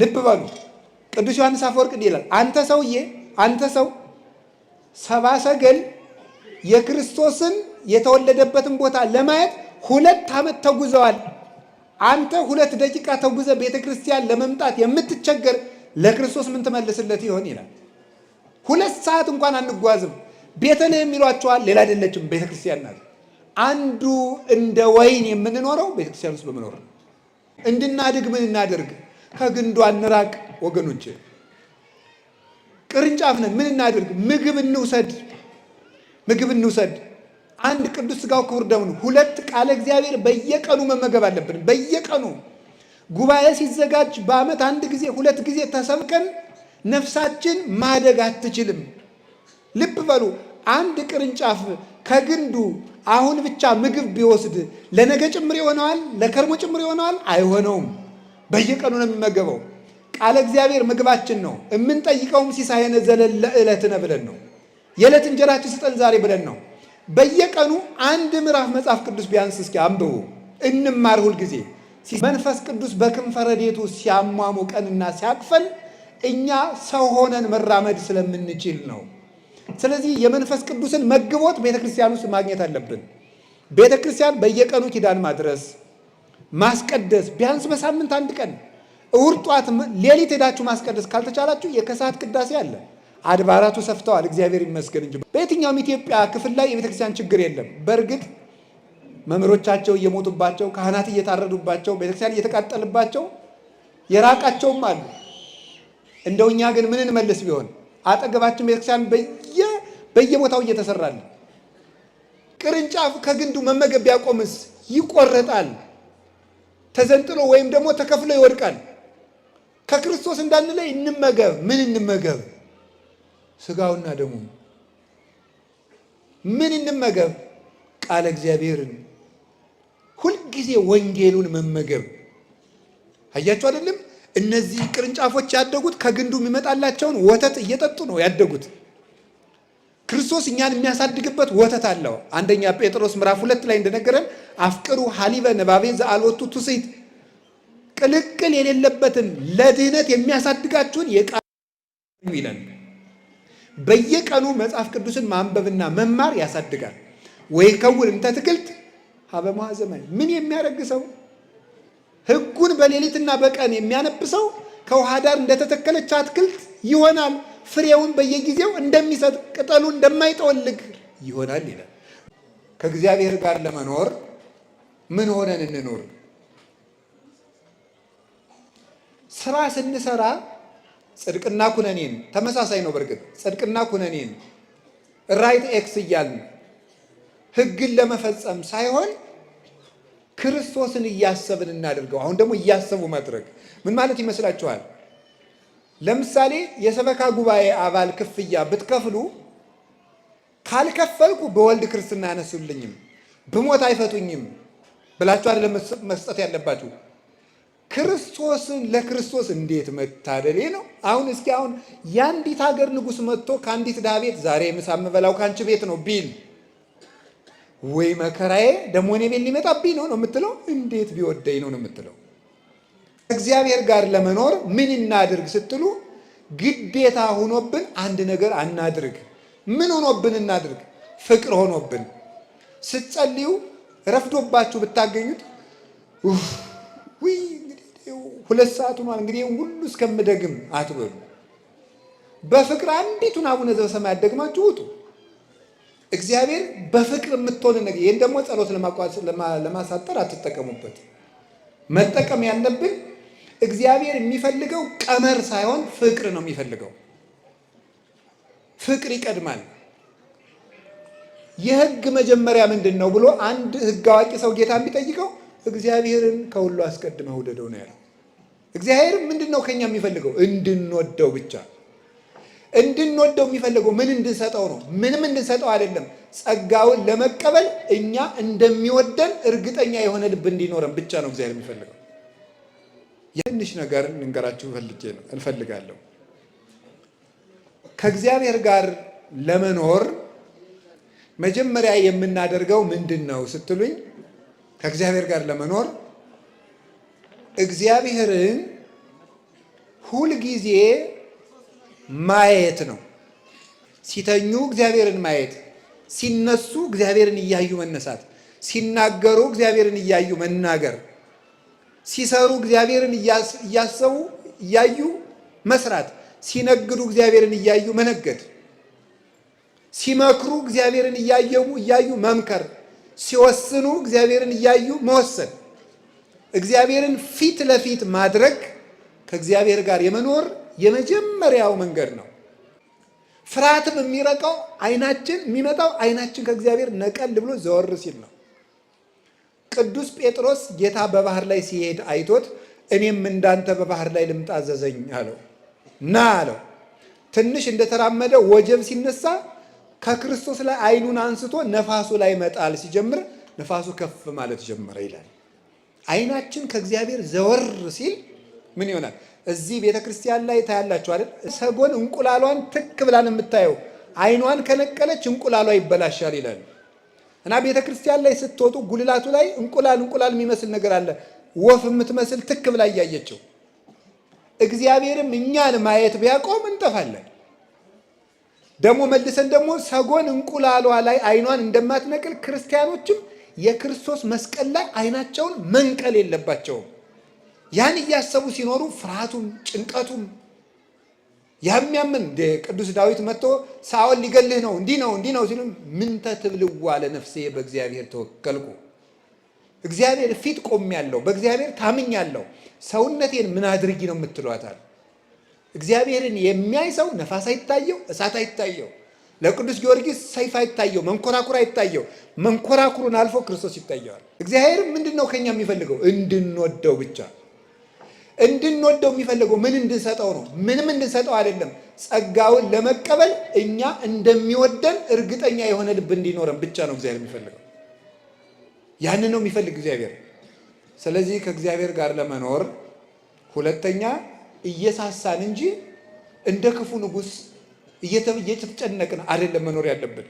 ልብ በሉ ቅዱስ ዮሐንስ አፈወርቅ እንዲህ ይላል፣ አንተ ሰውዬ አንተ ሰው ሰባ ሰገል የክርስቶስን የተወለደበትን ቦታ ለማየት ሁለት ዓመት ተጉዘዋል። አንተ ሁለት ደቂቃ ተጉዘ ቤተ ክርስቲያን ለመምጣት የምትቸገር ለክርስቶስ ምን ትመልስለት ይሆን ይላል። ሁለት ሰዓት እንኳን አንጓዝም። ቤተልሔም ይሏቸዋል፣ ሌላ አይደለችም ቤተ ክርስቲያን ናት። አንዱ እንደ ወይን የምንኖረው ቤተክርስቲያን ውስጥ በመኖር ነው። እንድናድግ ምን እናደርግ ከግንዱ አንራቅ ወገኖች። ቅርንጫፍ ነን። ምን እናድርግ? ምግብ እንውሰድ፣ ምግብ እንውሰድ። አንድ ቅዱስ ስጋው ክቡር ደሙን፣ ሁለት ቃለ እግዚአብሔር በየቀኑ መመገብ አለብን። በየቀኑ ጉባኤ ሲዘጋጅ በዓመት አንድ ጊዜ ሁለት ጊዜ ተሰብከን ነፍሳችን ማደግ አትችልም። ልብ በሉ። አንድ ቅርንጫፍ ከግንዱ አሁን ብቻ ምግብ ቢወስድ ለነገ ጭምር ይሆነዋል? ለከርሞ ጭምር ይሆነዋል? አይሆነውም። በየቀኑ ነው የሚመገበው። ቃለ እግዚአብሔር ምግባችን ነው። የምንጠይቀውም ሲሳየነ ዘለለ ዕለትነ ብለን ነው። የዕለት እንጀራችን ስጠን ዛሬ ብለን ነው። በየቀኑ አንድ ምዕራፍ መጽሐፍ ቅዱስ ቢያንስ እስኪ አንብቡ፣ እንማር ሁልጊዜ መንፈስ ቅዱስ በክንፈረዴቱ ሲያሟሙቀንና ሲያቅፈን እኛ ሰው ሆነን መራመድ ስለምንችል ነው። ስለዚህ የመንፈስ ቅዱስን መግቦት ቤተክርስቲያን ውስጥ ማግኘት አለብን። ቤተክርስቲያን በየቀኑ ኪዳን ማድረስ ማስቀደስ ቢያንስ በሳምንት አንድ ቀን እውርጧት ሌሊት ሄዳችሁ ማስቀደስ ካልተቻላችሁ የከሰዓት ቅዳሴ አለ። አድባራቱ ሰፍተዋል፣ እግዚአብሔር ይመስገን እንጂ በየትኛውም ኢትዮጵያ ክፍል ላይ የቤተክርስቲያን ችግር የለም። በእርግጥ መምህሮቻቸው እየሞቱባቸው፣ ካህናት እየታረዱባቸው፣ ቤተክርስቲያን እየተቃጠልባቸው የራቃቸውም አሉ። እንደው እኛ ግን ምን እንመልስ ቢሆን አጠገባችን ቤተክርስቲያን በየቦታው እየተሰራል። ቅርንጫፍ ከግንዱ መመገብ ቢያቆምስ ይቆረጣል። ተዘንጥሎ ወይም ደግሞ ተከፍሎ ይወድቃል። ከክርስቶስ እንዳንለይ እንመገብ። ምን እንመገብ? ስጋውና ደሙ። ምን እንመገብ? ቃለ እግዚአብሔርን፣ ሁልጊዜ ወንጌሉን መመገብ። አያችሁ አይደለም? እነዚህ ቅርንጫፎች ያደጉት ከግንዱ የሚመጣላቸውን ወተት እየጠጡ ነው ያደጉት። ክርስቶስ እኛን የሚያሳድግበት ወተት አለው። አንደኛ ጴጥሮስ ምዕራፍ ሁለት ላይ እንደነገረን አፍቅሩ ሀሊበ ነባቤ ዘአልወቱ ቱሴት ቅልቅል የሌለበትን ለድህነት የሚያሳድጋችሁን የቃል ይለን። በየቀኑ መጽሐፍ ቅዱስን ማንበብና መማር ያሳድጋል። ወይ ከውን እምተ ትክልት ሀበማ ዘመን ምን የሚያደርግ ሰው ህጉን በሌሊትና በቀን የሚያነብሰው ከውሃ ዳር እንደተተከለች አትክልት ይሆናል። ፍሬውን በየጊዜው እንደሚሰጥ ቅጠሉ እንደማይጠወልግ ይሆናል ይላል። ከእግዚአብሔር ጋር ለመኖር ምን ሆነን እንኖር? ስራ ስንሰራ ጽድቅና ኩነኔን ተመሳሳይ ነው። በእርግጥ ጽድቅና ኩነኔን ራይት ኤክስ እያልን ህግን ለመፈጸም ሳይሆን ክርስቶስን እያሰብን እናደርገው። አሁን ደግሞ እያሰቡ ማድረግ ምን ማለት ይመስላችኋል? ለምሳሌ የሰበካ ጉባኤ አባል ክፍያ ብትከፍሉ ካልከፈልኩ በወልድ ክርስትና አያነሱልኝም፣ ብሞት አይፈቱኝም ብላችሁ አይደለም መስጠት ያለባችሁ። ክርስቶስን ለክርስቶስ እንዴት መታደሌ ነው። አሁን እስኪ አሁን የአንዲት ሀገር ንጉሥ መጥቶ ከአንዲት ድሃ ቤት ዛሬ ምሳ የምበላው ከአንቺ ቤት ነው ቢል ወይ መከራዬ ደግሞ እኔ ቤት ሊመጣብኝ ነው ነው የምትለው? እንዴት ቢወደኝ ነው ነው የምትለው? ከእግዚአብሔር ጋር ለመኖር ምን እናድርግ ስትሉ ግዴታ ሆኖብን አንድ ነገር አናድርግ። ምን ሆኖብን እናድርግ? ፍቅር ሆኖብን። ስትጸልዩ ረፍዶባችሁ ብታገኙት ሁለት ሰዓት ሆኗል እንግዲህ ሁሉ እስከምደግም አትበሉ። በፍቅር አንዲቱን አቡነ ዘበሰማያት ደግማችሁ ውጡ። እግዚአብሔር በፍቅር የምትሆን ነገር ይህን ደግሞ ጸሎት ለማሳጠር አትጠቀሙበት። መጠቀም ያለብን እግዚአብሔር የሚፈልገው ቀመር ሳይሆን ፍቅር ነው የሚፈልገው። ፍቅር ይቀድማል። የህግ መጀመሪያ ምንድን ነው ብሎ አንድ ህግ አዋቂ ሰው ጌታ የሚጠይቀው እግዚአብሔርን ከሁሉ አስቀድመ ውደደው ነው ያለው። እግዚአብሔር ምንድን ነው ከኛ የሚፈልገው? እንድንወደው ብቻ። እንድንወደው የሚፈልገው ምን እንድንሰጠው ነው? ምንም እንድንሰጠው አይደለም። ጸጋውን ለመቀበል እኛ እንደሚወደን እርግጠኛ የሆነ ልብ እንዲኖረን ብቻ ነው እግዚአብሔር የሚፈልገው። የትንሽ ነገር ልንገራችሁ እንፈልጋለሁ። ከእግዚአብሔር ጋር ለመኖር መጀመሪያ የምናደርገው ምንድን ነው ስትሉኝ፣ ከእግዚአብሔር ጋር ለመኖር እግዚአብሔርን ሁልጊዜ ማየት ነው። ሲተኙ እግዚአብሔርን ማየት፣ ሲነሱ እግዚአብሔርን እያዩ መነሳት፣ ሲናገሩ እግዚአብሔርን እያዩ መናገር ሲሰሩ እግዚአብሔርን እያሰቡ እያዩ መስራት፣ ሲነግዱ እግዚአብሔርን እያዩ መነገድ፣ ሲመክሩ እግዚአብሔርን እያየሙ እያዩ መምከር፣ ሲወስኑ እግዚአብሔርን እያዩ መወሰን፣ እግዚአብሔርን ፊት ለፊት ማድረግ ከእግዚአብሔር ጋር የመኖር የመጀመሪያው መንገድ ነው። ፍርሃትም የሚረቀው አይናችን የሚመጣው አይናችን ከእግዚአብሔር ነቀል ብሎ ዘወር ሲል ነው። ቅዱስ ጴጥሮስ ጌታ በባህር ላይ ሲሄድ አይቶት እኔም እንዳንተ በባህር ላይ ልምጣ አዘዘኝ አለው። ና አለው። ትንሽ እንደተራመደ ወጀብ ሲነሳ ከክርስቶስ ላይ አይኑን አንስቶ ነፋሱ ላይ መጣል ሲጀምር ነፋሱ ከፍ ማለት ጀመረ ይላል። አይናችን ከእግዚአብሔር ዘወር ሲል ምን ይሆናል? እዚህ ቤተ ክርስቲያን ላይ ታያላችሁ አይደል? ሰጎን እንቁላሏን ትክ ብላን የምታየው አይኗን ከነቀለች እንቁላሏ ይበላሻል ይላል። እና ቤተ ክርስቲያን ላይ ስትወጡ ጉልላቱ ላይ እንቁላል እንቁላል የሚመስል ነገር አለ። ወፍ የምትመስል ትክ ብላ እያየችው። እግዚአብሔርም እኛን ማየት ቢያቆም እንጠፋለን። ደግሞ መልሰን ደግሞ ሰጎን እንቁላሏ ላይ አይኗን እንደማትነቅል ክርስቲያኖችም የክርስቶስ መስቀል ላይ አይናቸውን መንቀል የለባቸውም። ያን እያሰቡ ሲኖሩ ፍርሃቱም ጭንቀቱም የሚያምን ቅዱስ ዳዊት መጥቶ ሳኦል ሊገልህ ነው እንዲህ ነው እንዲህ ነው ሲሉም ምንተ ትብልዋ ለነፍሴ በእግዚአብሔር ተወከልኩ። እግዚአብሔር ፊት ቆሜያለሁ፣ በእግዚአብሔር ታምኛለሁ። ሰውነቴን ምን አድርጊ ነው የምትሏታል? እግዚአብሔርን የሚያይ ሰው ነፋስ አይታየው፣ እሳት አይታየው። ለቅዱስ ጊዮርጊስ ሰይፍ አይታየው፣ መንኮራኩር አይታየው። መንኮራኩሩን አልፎ ክርስቶስ ይታየዋል። እግዚአብሔርም ምንድን ነው ከኛ የሚፈልገው? እንድንወደው ብቻ እንድንወደው የሚፈልገው ምን እንድንሰጠው ነው? ምንም እንድንሰጠው አይደለም። ጸጋውን ለመቀበል እኛ እንደሚወደን እርግጠኛ የሆነ ልብ እንዲኖረን ብቻ ነው እግዚአብሔር የሚፈልገው። ያንን ነው የሚፈልግ እግዚአብሔር። ስለዚህ ከእግዚአብሔር ጋር ለመኖር ሁለተኛ እየሳሳን እንጂ እንደ ክፉ ንጉሥ እየተጨነቅን አይደለም መኖር ያለብን።